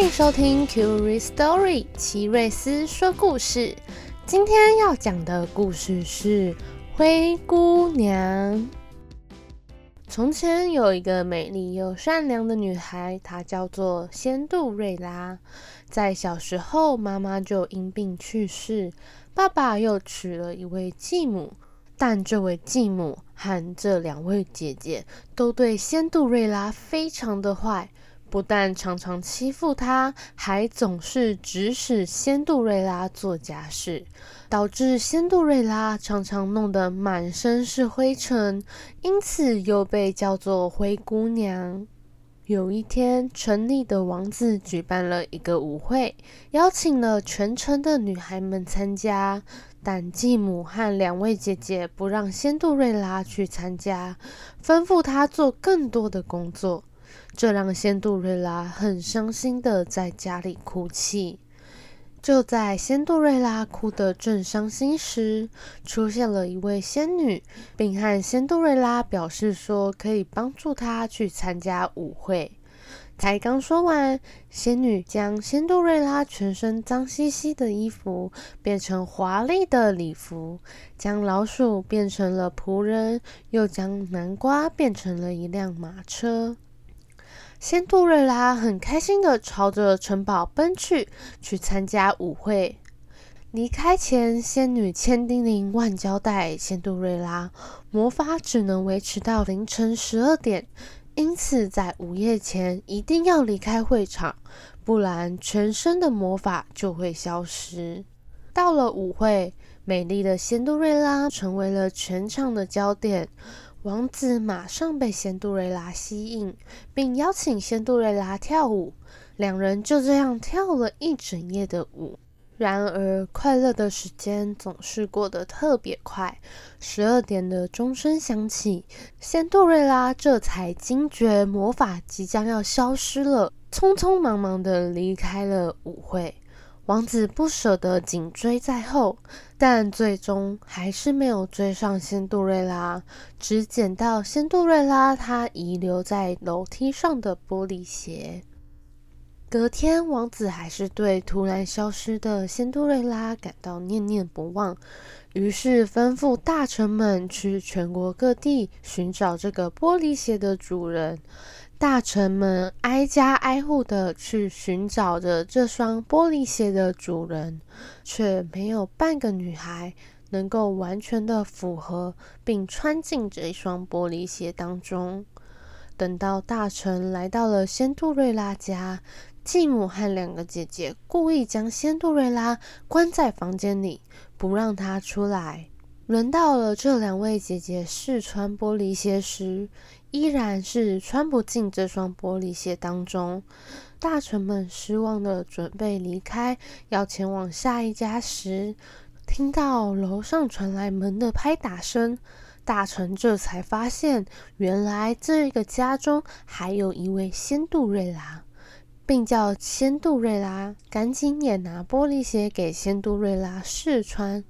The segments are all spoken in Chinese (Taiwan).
歡迎收聽《Curious Story》，奇瑞斯說故事。今天要講的故事是《灰姑娘》。從前有一個美麗又善良的女孩，她叫做仙度瑞拉。在小時候，媽媽就因病去世，爸爸又娶了一位繼母，但這位繼母和這兩位姐姐都對仙度瑞拉非常的壞。不但常常欺負她，還總是指使仙度瑞拉做家事，導致仙度瑞拉常常弄得滿身是灰塵，因此又被叫做灰姑娘。有一天，城裡的王子舉辦了一個舞會，邀請了全城的女孩們參加，但繼母和兩位姐姐不讓仙度瑞拉去參加，吩咐她做更多的工作。這讓仙度瑞拉很傷心的在家裡哭泣。就在仙度瑞拉哭得正傷心時，出現了一位仙女，並和仙度瑞拉表示說可以幫助她去參加舞會。才剛說完，仙女將仙度瑞拉全身髒兮兮的衣服變成華麗的禮服，將老鼠變成了僕人，又將南瓜變成了一輛馬車。仙度瑞拉很開心的朝着城堡奔去，去參加舞會。離開前，仙女千叮嚀萬交代仙度瑞拉，魔法只能維持到凌晨十二點，因此在午夜前一定要離開會場，不然全身的魔法就會消失。到了舞會，美麗的仙度瑞拉成為了全場的焦點。王子馬上被仙杜瑞拉吸引，並邀請仙杜瑞拉跳舞，兩人就這樣跳了一整夜的舞。然而，快樂的時間總是過得特別快，十二點的鐘聲響起，仙杜瑞拉這才驚覺魔法即將要消失了，匆匆忙忙的離開了舞會。王子不捨得緊追在後，但最終還是沒有追上仙度瑞拉，只撿到仙度瑞拉他遺留在樓梯上的玻璃鞋。隔天，王子還是對突然消失的仙度瑞拉感到念念不忘，於是吩咐大臣們去全國各地尋找這個玻璃鞋的主人。大臣們挨家挨戶的去尋找着這雙玻璃鞋的主人，卻沒有半個女孩能夠完全的符合並穿進這一雙玻璃鞋當中。等到大臣來到了仙度瑞拉家，繼母和兩個姐姐故意將仙度瑞拉關在房間裡，不讓她出來。輪到了這兩位姐姐試穿玻璃鞋時，依然是穿不進這雙玻璃鞋當中。大臣們失望的準備離開，要前往下一家時，聽到樓上傳來門的拍打聲，大臣這才發現，原來這一個家中還有一位仙度瑞拉，並叫仙度瑞拉趕緊也拿玻璃鞋給仙度瑞拉試穿。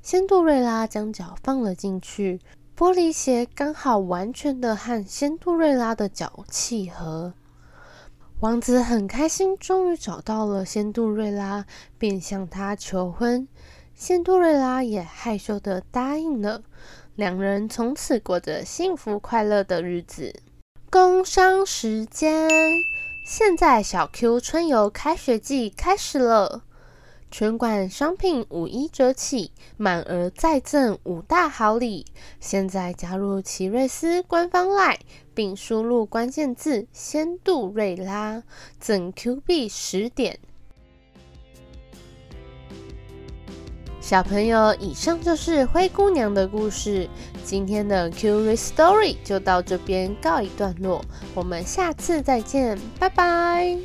仙度瑞拉將腳放了進去，玻璃鞋剛好完全的和仙度瑞拉的腳契合。王子很開心，終於找到了仙度瑞拉，便向她求婚。仙度瑞拉也害羞的答應了，兩人從此過着幸福快樂的日子。工商時間，現在小 Q 春遊開學季開始了。全館商品五一折起，滿額再贈五大豪禮。現在加入奇瑞斯官方 line，並輸入關鍵字“仙度瑞拉”，贈 Q 幣十點。小朋友，以上就是灰姑娘的故事。今天的 Q 瑞 Story 就到這邊告一段落，我們下次再見，拜拜。